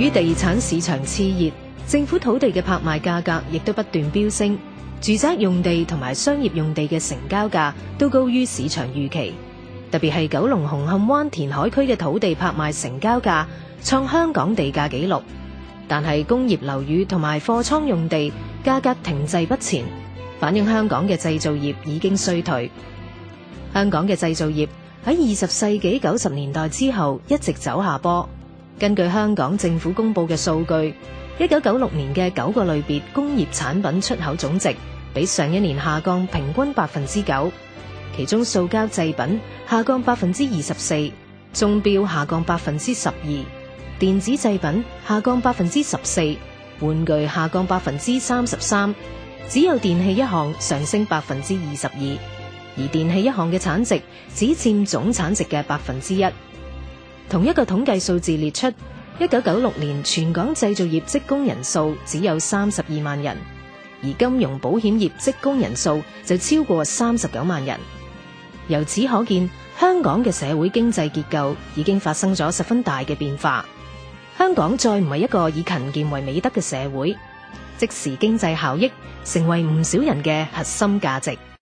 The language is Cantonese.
於地產市場熾熱，政府土地嘅拍賣價格亦都不斷飆升，住宅用地同埋商業用地嘅成交價都高於市場預期。特別係九龍紅磡灣填海區嘅土地拍賣成交價創香港地價紀錄，但係工業樓宇同埋貨倉用地價格停滯不前，反映香港嘅製造業已經衰退。香港嘅製造業喺二十世紀九十年代之後一直走下坡。根據香港政府公布嘅數據，一九九六年嘅九個類別工業產品出口總值比上一年下降平均百分之九，其中塑膠製品下降百分之二十四，鐘錶下降百分之十二，電子製品下降百分之十四，玩具下降百分之三十三，只有電器一項上升百分之二十二，而電器一項嘅產值只佔總產值嘅百分之一。同一個統計數字列出，一九九六年全港製造業職工人數只有三十二萬人，而金融保險業職工人數就超過三十九萬人。由此可見，香港嘅社會經濟結構已經發生咗十分大嘅變化。香港再唔係一個以勤儉為美德嘅社會，即時經濟效益成為唔少人嘅核心價值。